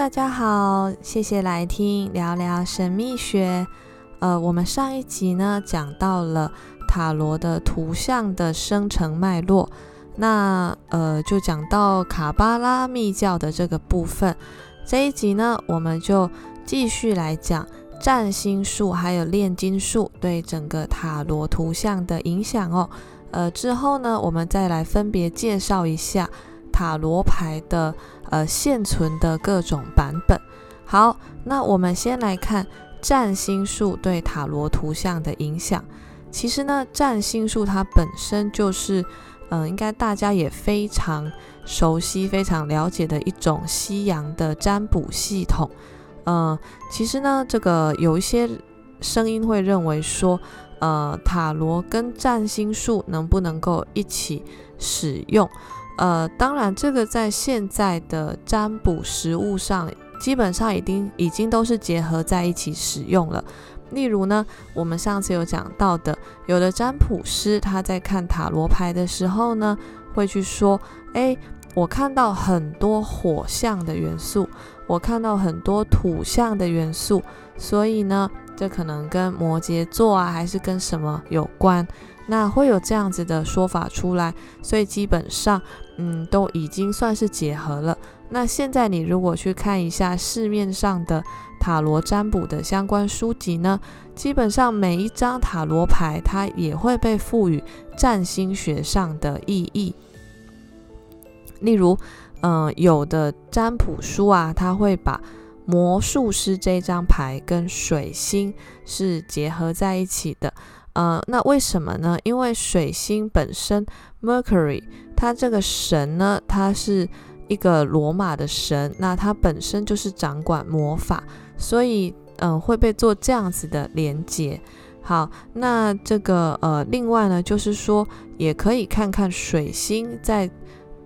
大家好，謝謝來聽聊聊神秘學。呃，我們上一集呢講到了塔羅的圖像的生成脈絡，那呃就講到卡巴拉密教的這個部分。這一集呢，我們就繼續來講占星術還有煉金術對整個塔羅圖像的影響哦。呃，之後呢，我們再來分別介紹一下塔羅牌的。呃，現存的各種版本，好，那我們先來看占星術對塔羅圖像的影響。其實呢，占星術它本身就是，嗯、呃，應該大家也非常熟悉、非常了解的一種西洋的占卜系統。嗯、呃，其實呢，這個有一些聲音會認為說，呃，塔羅跟占星術能不能夠一起使用？呃，當然，這個在現在的占卜實務上，基本上已經已經都是結合在一起使用了。例如呢，我們上次有講到的，有的占卜師他在看塔羅牌的時候呢，會去說：“哎，我看到很多火象的元素，我看到很多土象的元素，所以呢，這可能跟摩羯座啊，還是跟什麼有關？那會有這樣子的說法出來，所以基本上。嗯，都已經算是結合了。那現在你如果去看一下市面上的塔羅占卜的相關書籍呢，基本上每一張塔羅牌它也會被賦予占星學上的意義。例如，嗯、呃，有的占卜書啊，它會把魔術師這張牌跟水星是結合在一起的。呃，那為什麼呢？因為水星本身 （Mercury）。他這個神呢，他是一個羅馬的神，那他本身就是掌管魔法，所以嗯、呃，會被做這樣子的連接。好，那這個呃，另外呢，就是說也可以看看水星在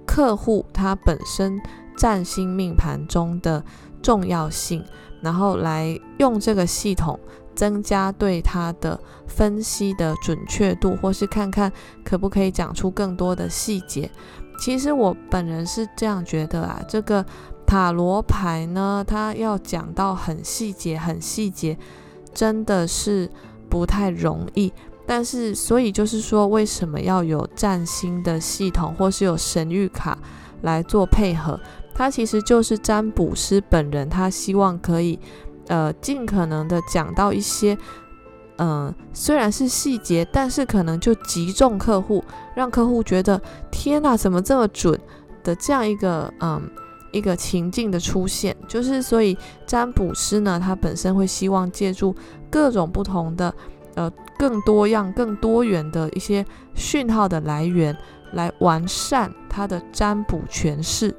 客戶他本身占星命盤中的重要性，然後來用這個系統。增加對它的分析的準確度，或是看看可不可以講出更多的細節。其實我本人是這樣覺得啊，這個塔羅牌呢，它要講到很細節、很細節，真的是不太容易。但是，所以就是說，為什麼要有占星的系統，或是有神諭卡來做配合？它其實就是占卜師本人，他希望可以。呃，盡可能地講到一些，嗯、呃，雖然是細節，但是可能就擊中客戶，讓客戶覺得天哪，怎麼這麼準的這樣一個，嗯、呃，一個情境的出現，就是所以占卜師呢，他本身會希望借助各種不同的，呃，更多樣、更多元的一些訊號的來源來完善他的占卜詮釋，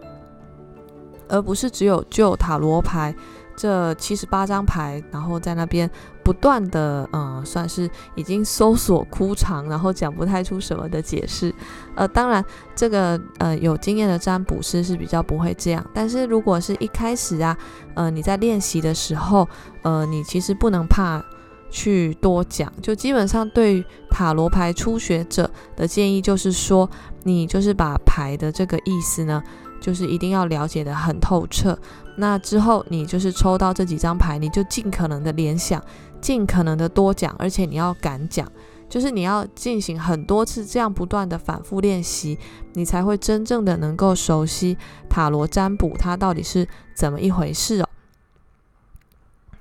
而不是只有就塔羅牌。這七十八張牌，然後在那邊不斷的，嗯、呃，算是已經搜索枯腸，然後講不太出什麼的解釋。呃，當然，這個呃有經驗的占卜師是比較不會這樣，但是如果是一開始啊，呃，你在練習的時候，呃，你其實不能怕去多講，就基本上對於塔羅牌初學者的建議就是說，你就是把牌的這個意思呢，就是一定要了解得很透徹。那之後，你就是抽到這幾張牌，你就盡可能的聯想，盡可能的多講，而且你要敢講，就是你要進行很多次這樣不斷的反覆練習，你才會真正的能夠熟悉塔羅占卜它到底是怎麼一回事哦。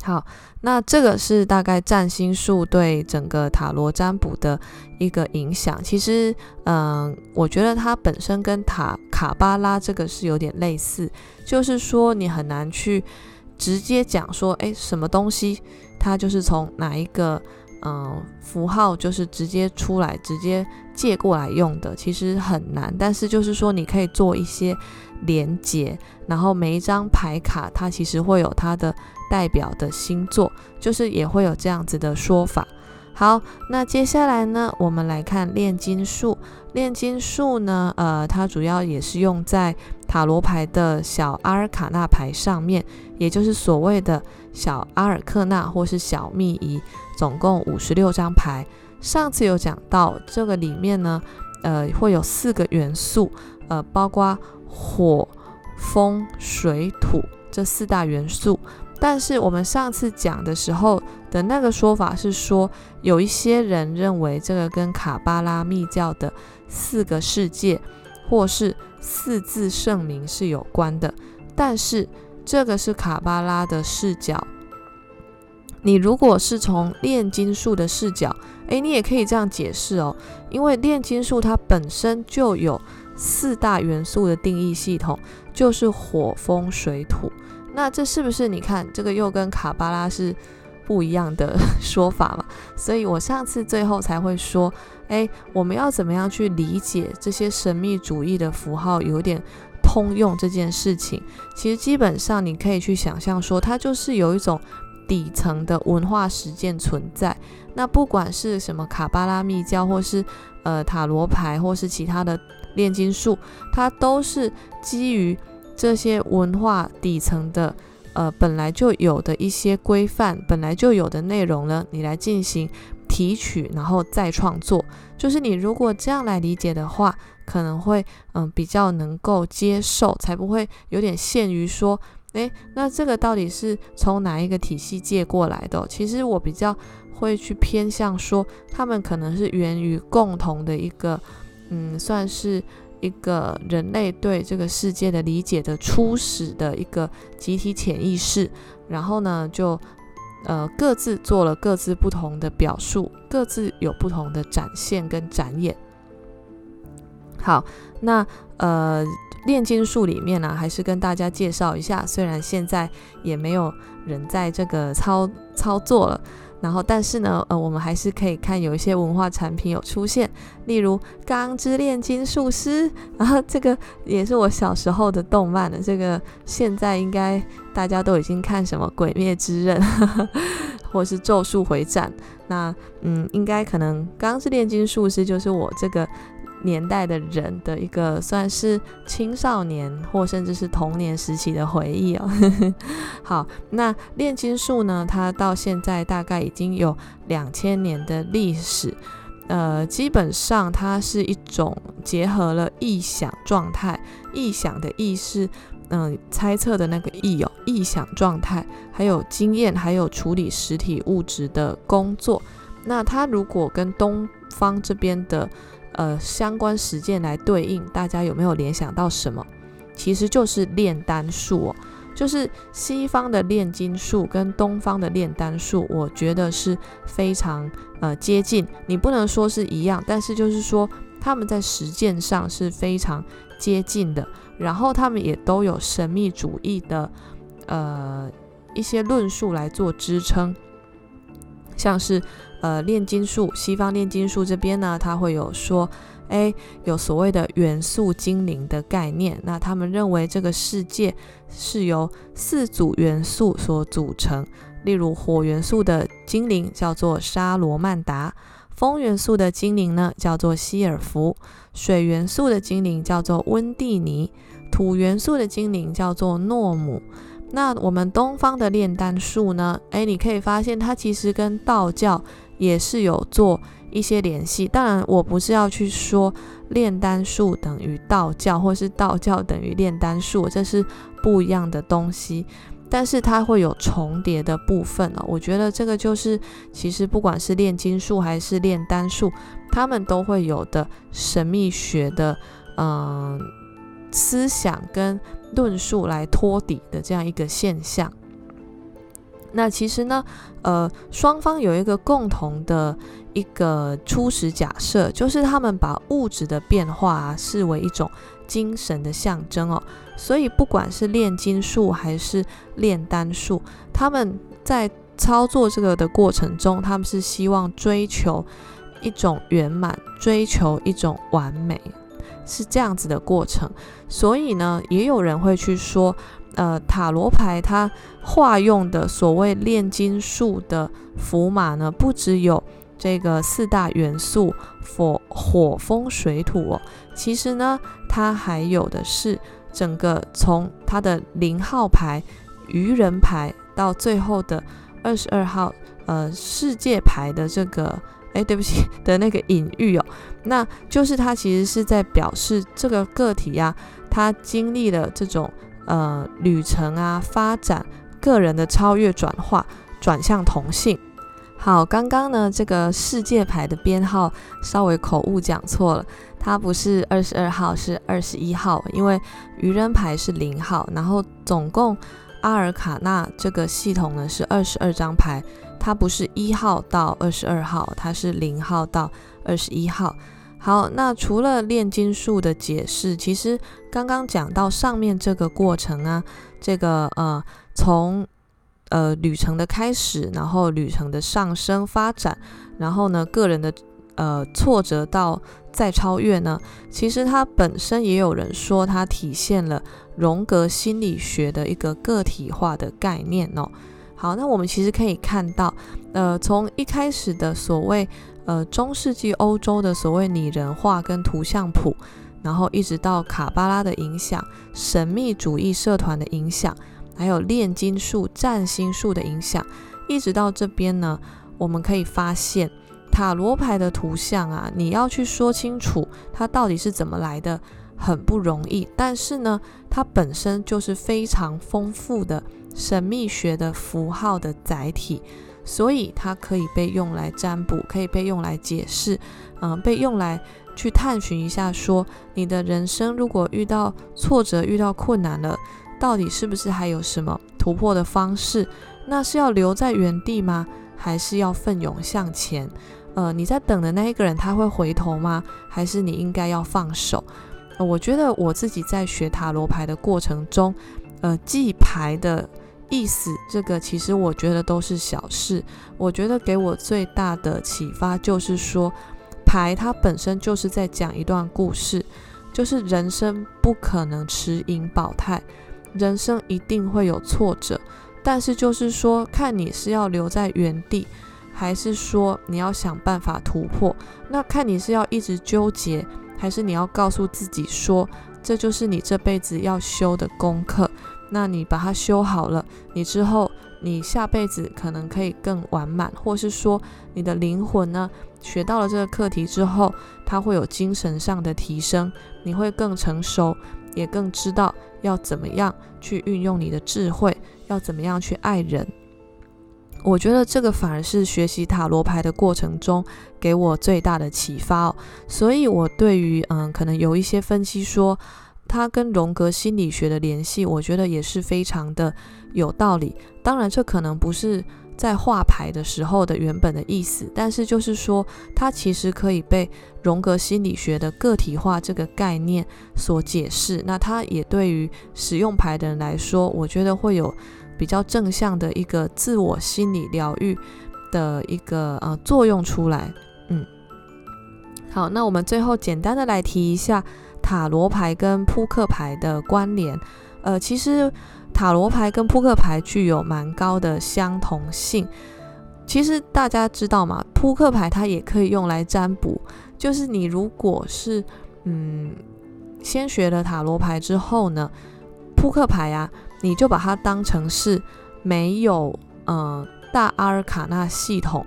好，那這個是大概占星術對整個塔羅占卜的一個影響。其實，嗯，我覺得它本身跟塔卡巴拉這個是有點類似，就是說你很難去直接講說，誒，什麼東西它就是從哪一個嗯符號就是直接出來直接借過來用的，其實很難。但是就是說你可以做一些連接，然後每一張牌卡它其實會有它的。代表的星座，就是也會有這樣子的說法。好，那接下來呢，我們來看煉金術。煉金術呢，呃，它主要也是用在塔羅牌的小阿爾卡納牌上面，也就是所謂的小阿爾克納或是小秘儀，總共五十六張牌。上次有講到這個裡面呢，呃，會有四個元素，呃，包括火、風、水、土這四大元素。但是我們上次講的時候的那個說法是說，有一些人認為這個跟卡巴拉密教的四個世界或是四字聖名是有關的。但是這個是卡巴拉的視角，你如果是從煉金術的視角，哎，你也可以這樣解釋哦，因為煉金術它本身就有四大元素的定義系統，就是火、風、水、土。那這是不是你看這個又跟卡巴拉是不一樣的說法嘛？所以我上次最後才會說，哎，我們要怎麼樣去理解這些神秘主義的符號有點通用這件事情？其實基本上你可以去想象說，它就是有一種底層的文化實踐存在。那不管是什麼卡巴拉密教，或是呃塔羅牌，或是其他的煉金術，它都是基於。這些文化底層的，呃，本來就有的一些規範，本來就有的內容呢，你來進行提取，然後再創作。就是你如果這樣來理解的話，可能會，嗯，呃，比較能夠接受，才不會有點限於說，誒，那這個到底是從哪一個體系借過來的哦？其實我比較會去偏向說，他們可能是源於共同的一個，嗯，算是。一個人類對這個世界的理解的初始的一個集體潛意識，然後呢，就呃各自做了各自不同的表述，各自有不同的展現跟展演。好，那呃煉金術裡面呢、啊，還是跟大家介紹一下，雖然現在也沒有人在這個操操作了。然後，但是呢，呃，我們還是可以看有一些文化產品有出現，例如《鋼之煉金術師》，然後這個也是我小時候的動漫了。這個現在應該大家都已經看什麼《鬼滅之刃》，呵呵，或是《咒術迴戰》那，那嗯，應該可能《鋼之煉金術師》就是我這個。年代的人的一個算是青少年或甚至是童年時期的回憶哦。 好，那煉金術呢？它到現在大概已經有兩千年的歷史。呃，基本上它是一種結合了臆想狀態、臆想的“臆”是，呃，嗯猜測的那個“臆”哦，臆想狀態，還有經驗，還有處理實體物質的工作。那它如果跟東方這邊的。呃，相關實踐來對應，大家有沒有聯想到什麼？其實就是煉丹術，哦，就是西方的煉金術跟東方的煉丹術，我覺得是非常呃接近。你不能說是一樣，但是就是說他們在實踐上是非常接近的。然後他們也都有神秘主義的呃一些論述來做支撐，像是。呃，煉金術，西方煉金術這邊呢，它會有說，誒，有所謂的元素精靈的概念。那他們認為這個世界是由四組元素所組成，例如火元素的精靈叫做沙羅曼達，風元素的精靈呢叫做希爾福，水元素的精靈叫做溫蒂尼，土元素的精靈叫做諾姆。那我們東方的煉丹術呢，誒，你可以發現它其實跟道教。也是有做一些聯繫，當然我不是要去說煉丹術等於道教，或是道教等於煉丹術，這是不一樣的東西，但是它會有重疊的部分了、哦。我覺得這個就是，其實不管是煉金術還是煉丹術，他們都會有的神秘學的嗯、呃、思想跟論述來托底的這樣一個現象。那其實呢，呃，雙方有一個共同的一個初始假設，就是他們把物質的變化啊，視為一種精神的象徵哦。所以，不管是煉金術還是煉丹術，他們在操作這個的過程中，他們是希望追求一種圓滿，追求一種完美。是這樣子的過程，所以呢，也有人會去說，呃，塔羅牌它化用的所謂煉金術的符碼呢，不只有這個四大元素火、火、風、水、土。哦，其實呢，它還有的是整個從它的零號牌、愚人牌到最後的二十二號，呃，世界牌的這個，哎，對不起的那個隱喻哦。那就是他其實是在表示這個個體呀、啊，他經歷了這種呃旅程啊、發展、個人的超越、轉化，轉向同性。好，剛剛呢這個世界牌的編號稍微口誤講錯了，它不是二十二號，是二十一號。因為愚人牌是零號，然後總共阿爾卡納這個系統呢是二十二張牌，它不是一號到二十二號，它是零號到二十一號。好，那除了煉金術的解釋，其實剛剛講到上面這個過程啊，這個呃，從呃旅程的開始，然後旅程的上升發展，然後呢，個人的呃挫折到再超越呢，其實它本身也有人說它體現了榮格心理學的一個個體化的概念哦。好，那我們其實可以看到，呃，從一開始的所謂。呃，中世紀歐洲的所謂擬人化跟圖像譜，然後一直到卡巴拉的影響、神秘主義社團的影響，還有煉金術、占星術的影響，一直到這邊呢，我們可以發現塔羅牌的圖像啊，你要去說清楚它到底是怎麼來的，很不容易。但是呢，它本身就是非常豐富的神秘學的符號的載體。所以它可以被用來占卜，可以被用來解釋，嗯、呃，被用來去探尋一下說，說你的人生如果遇到挫折、遇到困難了，到底是不是還有什麼突破的方式？那是要留在原地嗎？還是要奮勇向前？呃，你在等的那一個人他會回頭嗎？還是你應該要放手？呃、我覺得我自己在學塔羅牌的過程中，呃，記牌的。意思，這個其實我覺得都是小事。我覺得給我最大的啟發就是說，牌它本身就是在講一段故事，就是人生不可能持盈保泰，人生一定會有挫折。但是就是說，看你是要留在原地，還是說你要想辦法突破。那看你是要一直糾結，還是你要告訴自己說，這就是你這輩子要修的功課。那你把它修好了，你之後你下輩子可能可以更完滿，或是說你的靈魂呢，學到了這個課題之後，它會有精神上的提升，你會更成熟，也更知道要怎麼樣去運用你的智慧，要怎麼樣去愛人。我覺得這個反而是學習塔羅牌的過程中給我最大的啟發哦，所以我對於嗯，可能有一些分析說。它跟榮格心理學的聯繫，我覺得也是非常的有道理。當然，這可能不是在畫牌的時候的原本的意思，但是就是說，它其實可以被榮格心理學的個體化這個概念所解釋。那它也對於使用牌的人來說，我覺得會有比較正向的一個自我心理療癒的一個呃作用出來。嗯，好，那我們最後簡單的來提一下。塔羅牌跟撲克牌的關聯，呃，其實塔羅牌跟撲克牌具有蠻高的相同性。其實大家知道嘛，撲克牌它也可以用來占卜。就是你如果是嗯，先學了塔羅牌之後呢，撲克牌啊，你就把它當成是沒有嗯、呃、大阿爾卡納系統。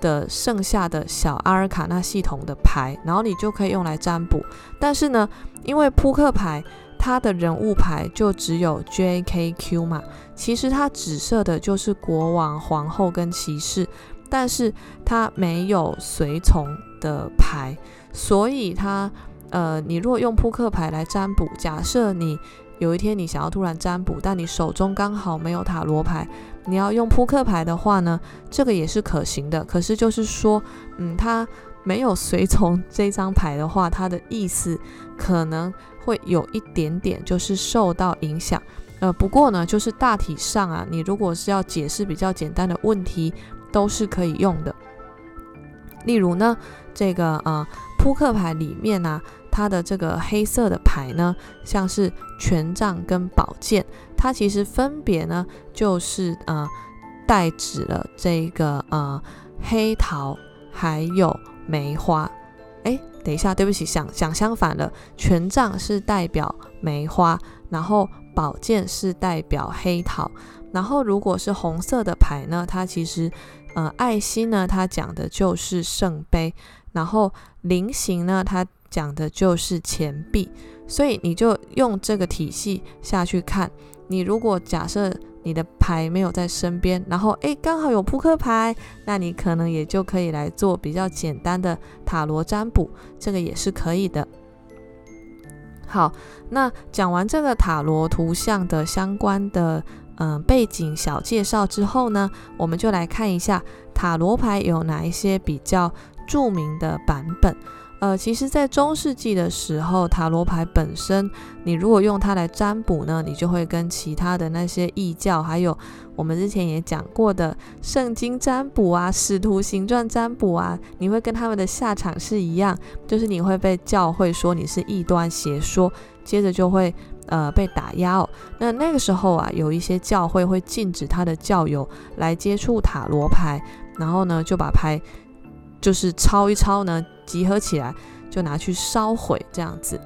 的剩下的小阿爾卡那系統的牌，然後你就可以用來占卜。但是呢，因為撲克牌它的人物牌就只有 J、K、Q 嘛，其實它指涉的就是國王、皇後、跟騎士，但是它沒有隨從的牌，所以它呃，你如果用撲克牌來占卜，假設你有一天你想要突然占卜，但你手中剛好沒有塔羅牌。你要用撲克牌的話呢，這個也是可行的。可是就是說，嗯，它沒有隨從這張牌的話，它的意思可能會有一點點就是受到影響。呃，不過呢，就是大體上啊，你如果是要解釋比較簡單的問題，都是可以用的。例如呢，這個啊、呃，撲克牌裡面吶、啊，它的這個黑色的牌呢，像是權杖跟寶劍。它其實分別呢，就是呃，代指了這個呃黑桃，還有梅花。哎，等一下，對不起，想想相反了。權杖是代表梅花，然後寶劍是代表黑桃。然後如果是紅色的牌呢，它其實呃愛心呢，它講的就是聖杯，然後菱形呢，它講的就是錢幣。所以你就用這個體系下去看。你如果假設你的牌沒有在身邊，然後誒剛好有撲克牌，那你可能也就可以來做比較簡單的塔羅占卜，這個也是可以的。好，那講完這個塔羅圖像的相關的嗯、呃、背景小介紹之後呢，我們就來看一下塔羅牌有哪一些比較著名的版本。呃，其實，在中世紀的時候，塔羅牌本身，你如果用它來占卜呢，你就會跟其他的那些異教，還有我們之前也講過的聖經占卜啊、使徒行傳占卜啊，你會跟他們的下場是一樣，就是你會被教會說你是異端邪說，接着就會呃被打壓哦。那那個時候啊，有一些教會會禁止他的教友來接觸塔羅牌，然後呢就把牌就是抄一抄呢。集合起來就拿去燒毀，這樣子，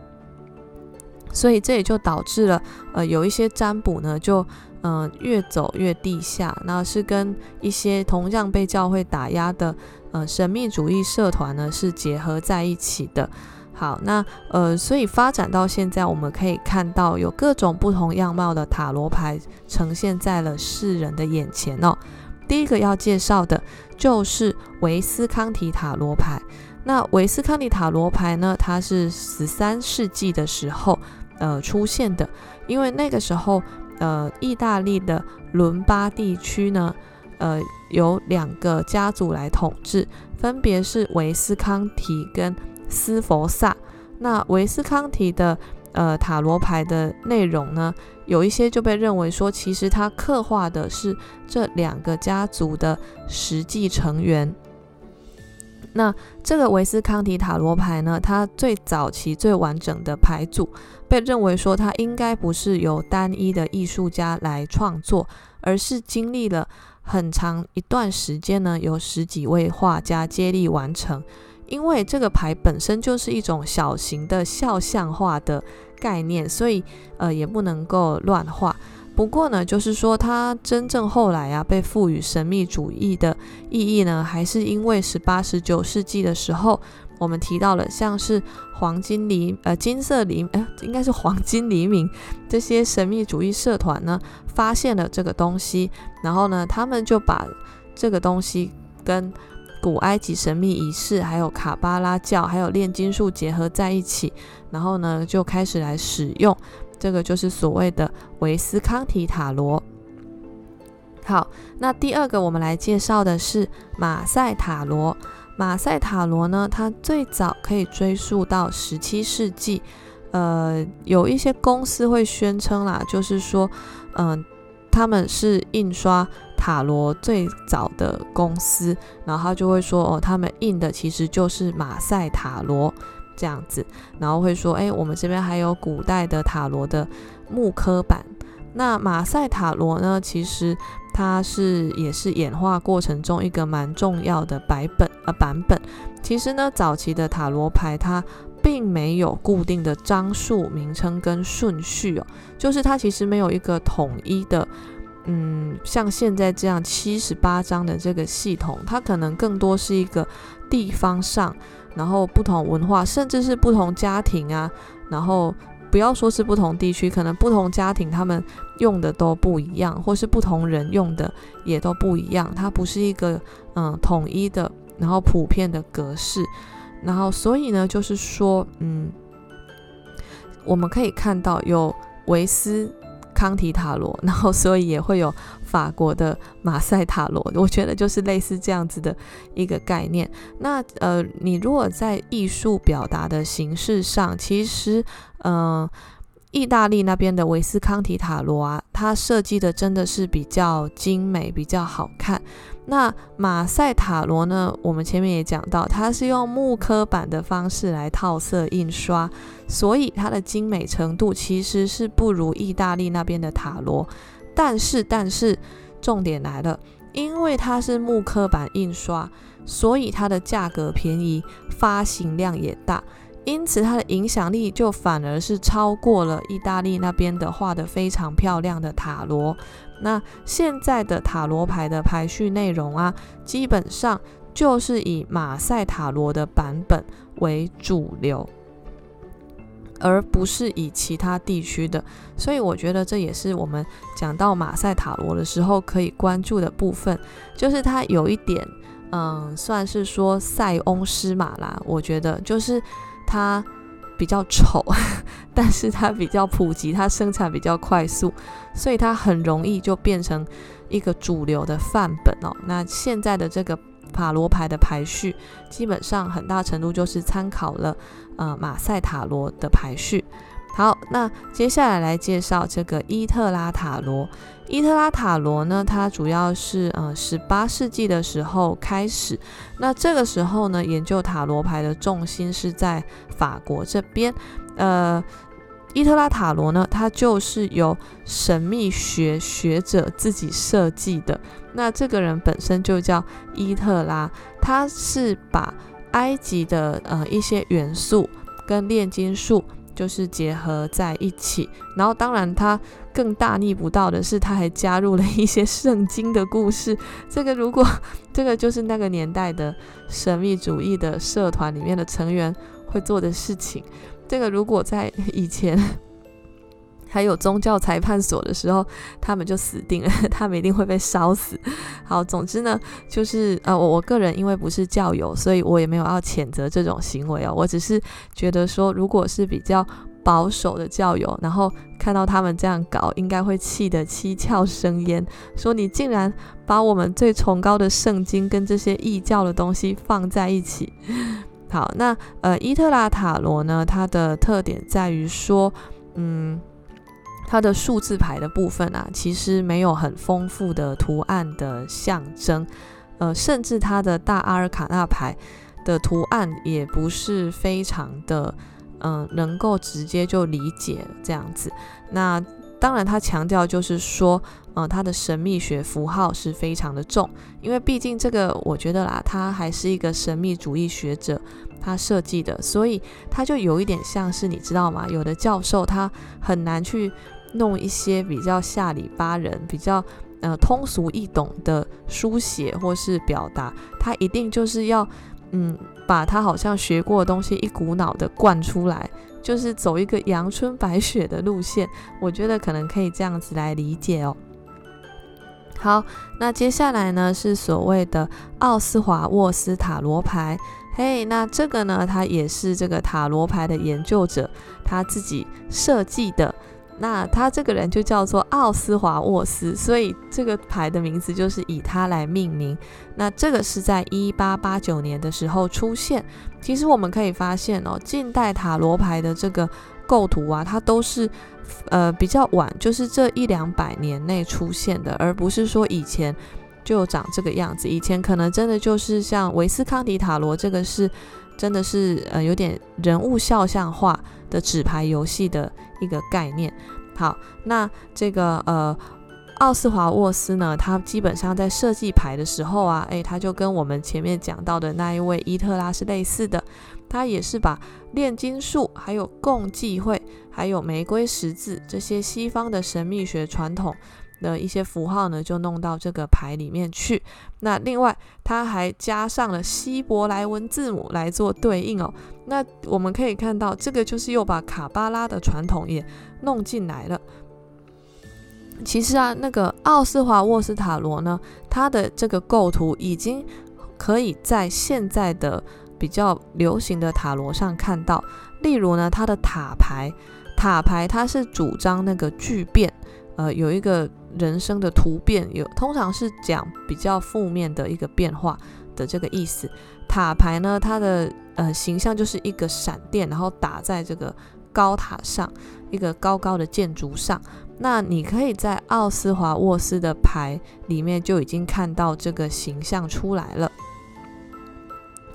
所以這也就導致了，呃，有一些占卜呢，就嗯、呃、越走越地下，那是跟一些同樣被教會打壓的，呃，神秘主義社團呢是結合在一起的。好，那呃，所以發展到現在，我們可以看到有各種不同樣貌的塔羅牌呈現在了世人的眼前哦。第一個要介紹的就是維斯康提塔羅牌。那維斯康提塔羅牌呢？它是十三世紀的時候，呃，出現的。因為那個時候，呃，意大利的倫巴地區呢，呃，由兩個家族來統治，分別是維斯康提跟斯佛薩。那維斯康提的呃塔羅牌的內容呢，有一些就被認為說，其實它刻畫的是這兩個家族的實際成員。那這個維斯康提塔羅牌呢，它最早期最完整的牌組，被認為說它應該不是由單一的藝術家來創作，而是經歷了很長一段時間呢，由十幾位畫家接力完成。因為這個牌本身就是一種小型的肖像畫的概念，所以呃也不能夠亂畫。不過呢，就是說，它真正後來啊被賦予神秘主義的意義呢，還是因為十八十九世紀的時候，我們提到了像是黃金黎、呃金色黎、呃，應該是黃金黎明這些神秘主義社團呢，發現了這個東西，然後呢，他們就把這個東西跟古埃及神秘儀式、還有卡巴拉教、還有煉金術結合在一起，然後呢，就開始來使用。這個就是所謂的維斯康提塔羅。好，那第二個我們來介紹的是馬賽塔羅。馬賽塔羅呢，它最早可以追溯到十七世紀。呃，有一些公司會宣稱啦，就是說，嗯、呃，他們是印刷塔羅最早的公司，然後就會說，哦，他們印的其實就是馬賽塔羅。這樣子，然後會說，哎，我們這邊還有古代的塔羅的木刻版。那馬賽塔羅呢？其實它是也是演化過程中一個蠻重要的版本呃，版本。其實呢，早期的塔羅牌它並沒有固定的張數、名稱跟順序哦，就是它其實沒有一個統一的，嗯，像現在這樣七十八張的這個系統，它可能更多是一個地方上。然後不同文化，甚至是不同家庭啊，然後不要說是不同地區，可能不同家庭他們用的都不一樣，或是不同人用的也都不一樣，它不是一個嗯統一的，然後普遍的格式。然後所以呢，就是說，嗯，我們可以看到有維斯康提塔羅，然後所以也會有。法國的馬賽塔羅，我覺得就是類似這樣子的一個概念。那呃，你如果在藝術表達的形式上，其實，嗯、呃，意大利那邊的維斯康提塔羅啊，它設計的真的是比較精美、比較好看。那馬賽塔羅呢，我們前面也講到，它是用木刻版的方式來套色印刷，所以它的精美程度其實是不如意大利那邊的塔羅。但是，但是，重點來了，因為它是木刻版印刷，所以它的價格便宜，發行量也大，因此它的影響力就反而是超過了意大利那邊的畫得非常漂亮的塔羅。那現在的塔羅牌的排序內容啊，基本上就是以馬賽塔羅的版本為主流。而不是以其他地區的，所以我覺得這也是我們講到馬賽塔羅的時候可以關注的部分，就是它有一點，嗯，算是說塞翁失馬啦。我覺得就是它比較醜，但是它比較普及，它生產比較快速，所以它很容易就變成一個主流的範本哦。那現在的這個。塔羅牌的排序基本上很大程度就是參考了呃馬賽塔羅的排序。好，那接下來來介紹這個伊特拉塔羅。伊特拉塔羅呢，它主要是呃十八世紀的時候開始。那這個時候呢，研究塔羅牌的重心是在法國這邊。呃，伊特拉塔羅呢，它就是由神秘學學者自己設計的。那這個人本身就叫伊特拉，他是把埃及的呃一些元素跟煉金術就是結合在一起，然後當然他更大逆不道的是，他還加入了一些聖經的故事。這個如果這個就是那個年代的神秘主義的社團裡面的成員會做的事情。這個如果在以前。還有宗教裁判所的時候，他們就死定了，他們一定會被燒死。好，總之呢，就是呃，我我個人因為不是教友，所以我也沒有要譴責這種行為哦。我只是覺得說，如果是比較保守的教友，然後看到他們這樣搞，應該會氣得七竅生煙，說你竟然把我們最崇高的聖經跟這些異教的東西放在一起。好，那呃，伊特拉塔羅呢，它的特點在於說，嗯。它的數字牌的部分啊，其實沒有很豐富的圖案的象徵，呃，甚至它的大阿爾卡納牌的圖案也不是非常的，嗯、呃，能夠直接就理解這樣子。那當然，他強調就是說，嗯、呃，他的神秘學符號是非常的重，因為畢竟這個我覺得啦，他還是一個神秘主義學者，他設計的，所以他就有一點像是你知道嗎？有的教授他很難去。弄一些比較下里巴人、比較呃通俗易懂的書寫或是表達，他一定就是要嗯把他好像學過的東西一股腦的灌出來，就是走一個陽春白雪的路線。我覺得可能可以這樣子來理解哦。好，那接下來呢是所謂的奧斯華沃斯塔羅牌。嘿、Hey，那這個呢，他也是這個塔羅牌的研究者，他自己設計的。那他這個人就叫做奧斯華沃斯，所以這個牌的名字就是以他來命名。那這個是在一八八九年的時候出現。其實我們可以發現哦，近代塔羅牌的這個構圖啊，它都是呃比較晚，就是這一兩百年內出現的，而不是說以前就長這個樣子。以前可能真的就是像維斯康提塔羅這個是。真的是呃有點人物肖像畫的紙牌遊戲的一個概念。好，那這個呃奧斯華沃斯呢，他基本上在設計牌的時候啊，誒、欸，他就跟我們前面講到的那一位伊特拉是類似的，他也是把煉金術、還有共濟會、還有玫瑰十字這些西方的神秘學傳統。的一些符號呢，就弄到這個牌裡面去。那另外，它還加上了希伯來文字母來做對應哦。那我們可以看到，這個就是又把卡巴拉的傳統也弄進來了。其實啊，那個奧斯華沃斯塔羅呢，他的這個構圖已經可以在現在的比較流行的塔羅上看到。例如呢，他的塔牌，塔牌他是主張那個巨變，呃，有一個。人生的突變有，通常是講比較負面的一個變化的這個意思。塔牌呢，它的呃形象就是一個閃電，然後打在這個高塔上，一個高高的建築上。那你可以在奧斯華沃斯的牌裡面就已經看到這個形象出來了。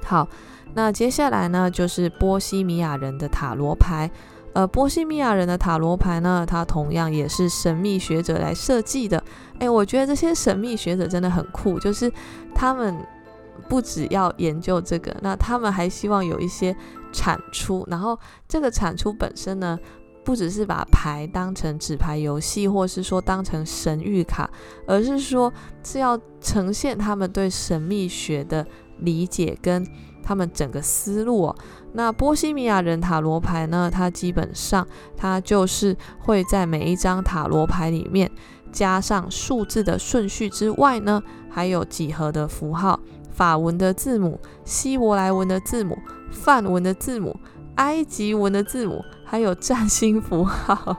好，那接下來呢，就是波西米亞人的塔羅牌。呃，波西米亞人的塔羅牌呢，它同樣也是神秘學者來設計的。誒，我覺得這些神秘學者真的很酷，就是他們不只要研究這個，那他們還希望有一些產出。然後這個產出本身呢，不只是把牌當成紙牌遊戲，或是說當成神諭卡，而是說是要呈現他們對神秘學的理解跟他們整個思路哦。那波西米亞人塔羅牌呢，它基本上，它就是會在每一張塔羅牌裡面加上數字的順序之外呢，還有幾何的符號、法文的字母、希伯來文的字母、梵文的字母、埃及文的字母，還有占星符號。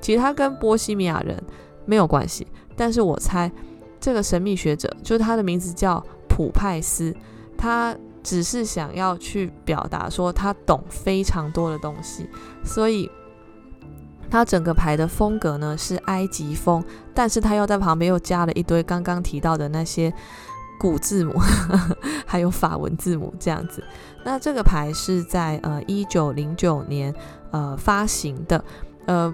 其實它跟波西米亞人沒有關係，但是我猜這個神秘學者就是他的名字叫普派斯，他。只是想要去表達說他懂非常多的東西，所以他整個牌的風格呢是埃及風，但是他又在旁邊又加了一堆剛剛提到的那些古字母，呵呵還有法文字母這樣子。那這個牌是在呃一九零九年呃發行的，呃，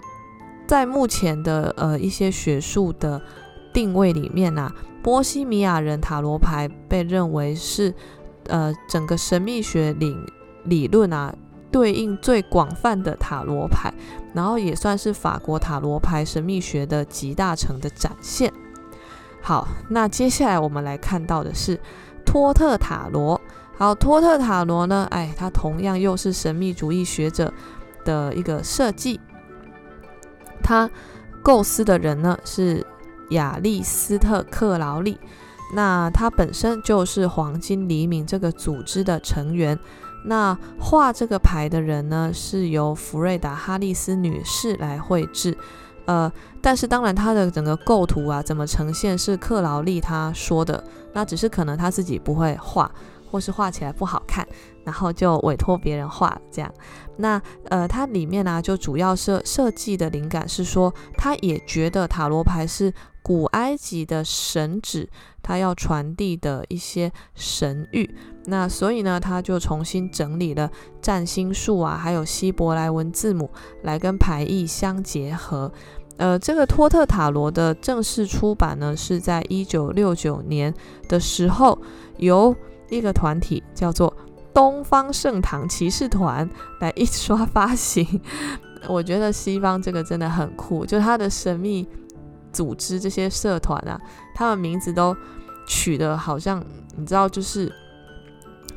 在目前的呃一些學術的定位裡面啊，波西米亞人塔羅牌被認為是。呃，整個神秘學理理論啊，對應最廣泛的塔羅牌，然後也算是法國塔羅牌神秘學的集大成的展現。好，那接下來我們來看到的是托特塔羅。好，托特塔羅呢，哎，它同樣又是神秘主義學者的一個設計。他構思的人呢是亞歷斯特·克勞利。那他本身就是黃金黎明這個組織的成員。那畫這個牌的人呢，是由福瑞達·哈里斯女士來繪製。呃，但是當然，他的整個構圖啊，怎麼呈現是克勞利他說的。那只是可能他自己不會畫。或是畫起來不好看，然後就委託別人畫這樣。那呃，它裡面呢啊，就主要設設計的靈感是說，他也覺得塔羅牌是古埃及的神旨，他要傳遞的一些神諭。那所以呢，他就重新整理了占星術啊，還有希伯來文字母，來跟牌意相結合。呃，這個托特塔羅的正式出版呢，是在一九六九年的時候由。一個團體叫做“東方聖堂騎士團”來印刷發行。我覺得西方這個真的很酷，就是它的神秘組織這些社團啊，他們名字，都取得好像你知道，就是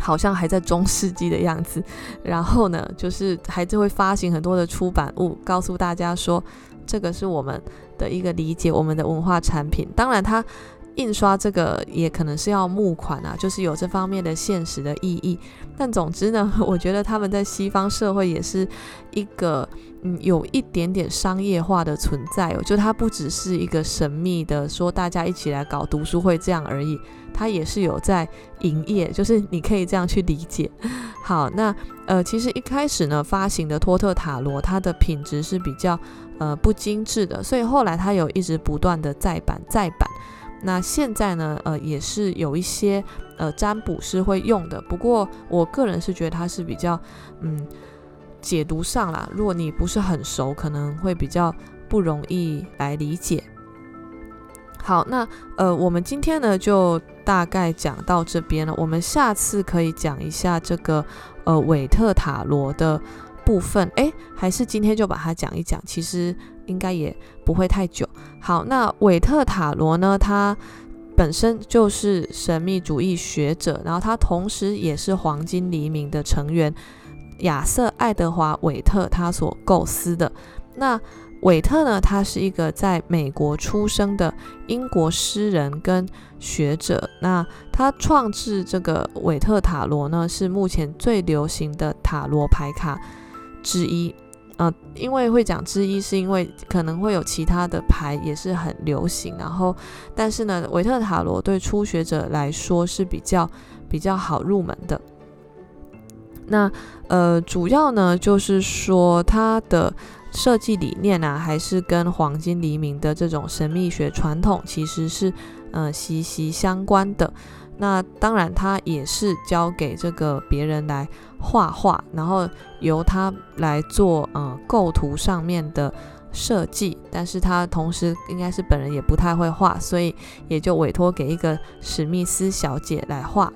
好像還在中世紀的樣子。然後呢，就是還是會發行很多的出版物，告訴大家說這個是我們的一個理解，我們的文化產品。當然它。印刷這個也可能是要募款啊，就是有這方面的現實的意義，但總之呢，我覺得他們在西方社會也是一個嗯有一點點商業化的存在哦，就它不只是一個神秘的說大家一起來搞讀書會這樣而已，它也是有在營業，就是你可以這樣去理解。好，那呃其實一開始呢發行的托特塔羅，它的品質是比較呃不精致的，所以後來它有一直不斷的再版再版。那現在呢，呃，也是有一些呃占卜師會用的，不過我個人是覺得它是比較，嗯，解讀上啦，如果你不是很熟，可能會比較不容易來理解。好，那呃，我們今天呢就大概講到這邊了，我們下次可以講一下這個呃偉特塔羅的部分。誒，還是今天就把它講一講，其實應該也。不會太久。好，那韋特塔羅呢？他本身就是神秘主義學者，然後他同時也是黃金黎明的成員。亞瑟·愛德華·韋特他所構思的。那韋特呢？他是一個在美國出生的英國詩人跟學者。那他創制這個韋特塔羅呢，是目前最流行的塔羅牌卡之一。呃，因為會講之一是因為可能會有其他的牌也是很流行，然後但是呢，偉特塔羅對初學者來說是比較比較好入門的。那呃，主要呢就是說它的設計理念啊，還是跟黃金黎明的這種神秘學傳統其實是呃息息相關的。那當然，他也是交給這個別人來畫畫，然後由他來做呃、嗯、構圖上面的設計，但是他同時應該是本人也不太會畫，所以也就委託給一個史密斯小姐來畫。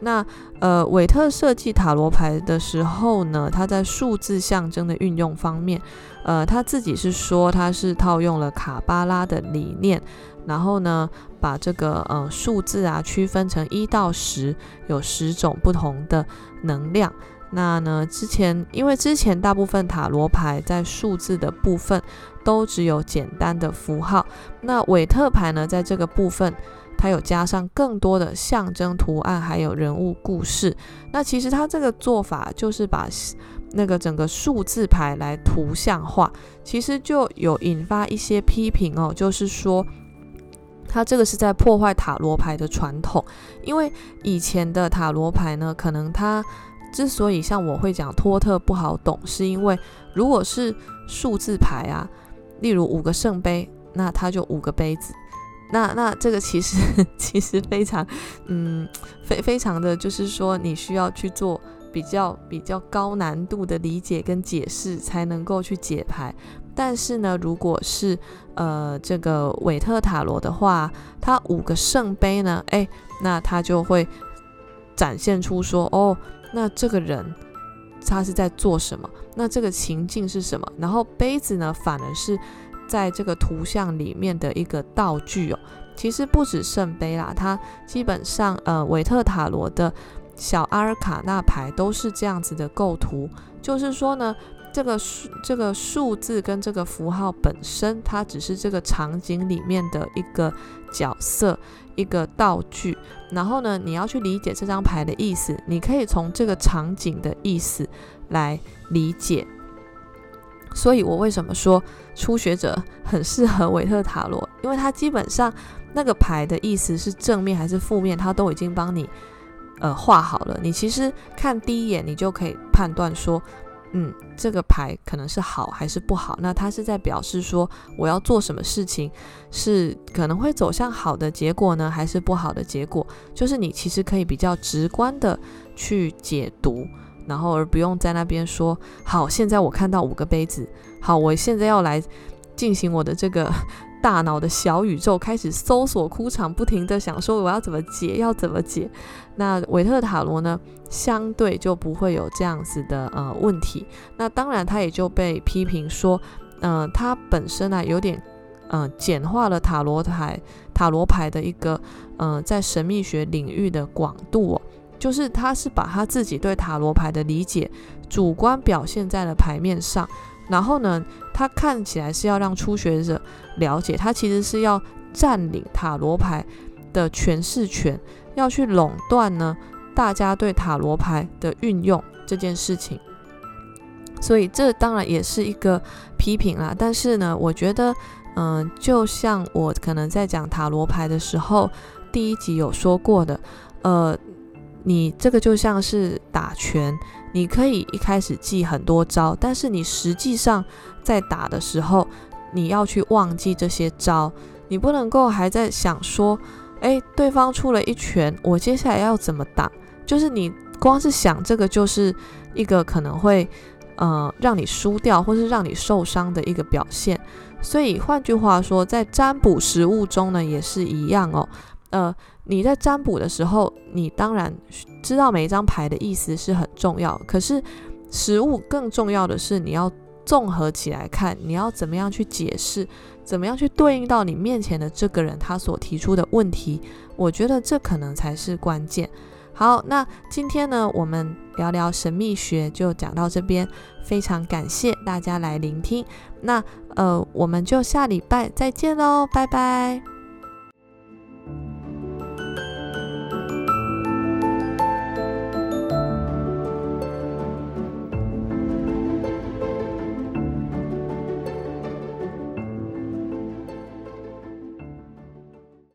那呃，偉特設計塔羅牌的時候呢，他在數字象徵的運用方面，呃，他自己是說他是套用了卡巴拉的理念，然後呢，把這個呃數字啊區分成一到十，有十種不同的能量。那呢，之前因為之前大部分塔羅牌在數字的部分都只有簡單的符號，那偉特牌呢，在這個部分。它有加上更多的象徵圖案，還有人物故事。那其實它這個做法就是把那個整個數字牌來圖像化，其實就有引發一些批評哦，就是說它這個是在破壞塔羅牌的傳統。因為以前的塔羅牌呢，可能它之所以像我會講托特不好懂，是因為如果是數字牌啊，例如五個聖杯，那它就五個杯子。那那這個其實其實非常，嗯，非非常的就是說，你需要去做比較比較高難度的理解跟解釋，才能夠去解牌。但是呢，如果是呃這個偉特塔羅的話，他五個聖杯呢，誒，那他就會展現出說，哦，那這個人他是在做什麼？那這個情境是什麼？然後杯子呢，反而是。在這個圖像裡面的一個道具哦，其實不止聖杯啦，它基本上呃，韋特塔羅的小阿爾卡納牌都是這樣子的構圖。就是說呢，這個數這個數字跟這個符號本身，它只是這個場景裡面的一個角色、一個道具。然後呢，你要去理解這張牌的意思，你可以從這個場景的意思來理解。所以我為什麼說初學者很適合偉特塔羅？因為它基本上那個牌的意思是正面還是負面，它都已經幫你呃畫好了。你其實看第一眼，你就可以判斷說，嗯，這個牌可能是好還是不好。那它是在表示說我要做什麼事情是可能會走向好的結果呢，還是不好的結果？就是你其實可以比較直觀的去解讀。然後而不用在那邊說，好，現在我看到五個杯子，好，我現在要來進行我的這個大腦的小宇宙開始搜索枯腸，不停地想說我要怎麼解，要怎麼解。那偉特塔羅呢，相對就不會有這樣子的呃問題。那當然，他也就被批評說，嗯、呃，他本身呢有點嗯、呃、簡化了塔羅牌塔羅牌的一個嗯、呃、在神秘學領域的廣度、哦。就是他，是把他自己對塔羅牌的理解主觀表現在了牌面上。然後呢，他看起來是要讓初學者了解，他其實是要占領塔羅牌的詮釋權，要去壟斷呢大家對塔羅牌的運用這件事情。所以這當然也是一個批評啦。但是呢，我覺得，嗯、呃，就像我可能在講塔羅牌的時候，第一集有說過的，呃。你這個就像是打拳，你可以一開始記很多招，但是你實際上在打的時候，你要去忘記這些招，你不能夠還在想說，哎，對方出了一拳，我接下來要怎麼打？就是你光是想這個，就是一個可能會，呃，讓你輸掉或是讓你受傷的一個表現。所以換句話說，在占卜實務中呢，也是一樣哦，呃。你在占卜的時候，你當然知道每一張牌的意思是很重要，可是實物更重要的是你要綜合起來看，你要怎麼樣去解釋，怎麼樣去對應到你面前的這個人他所提出的問題，我覺得這可能才是關鍵。好，那今天呢，我們聊聊神秘學就講到這邊，非常感謝大家來聆聽，那呃，我們就下禮拜再見嘍，拜拜。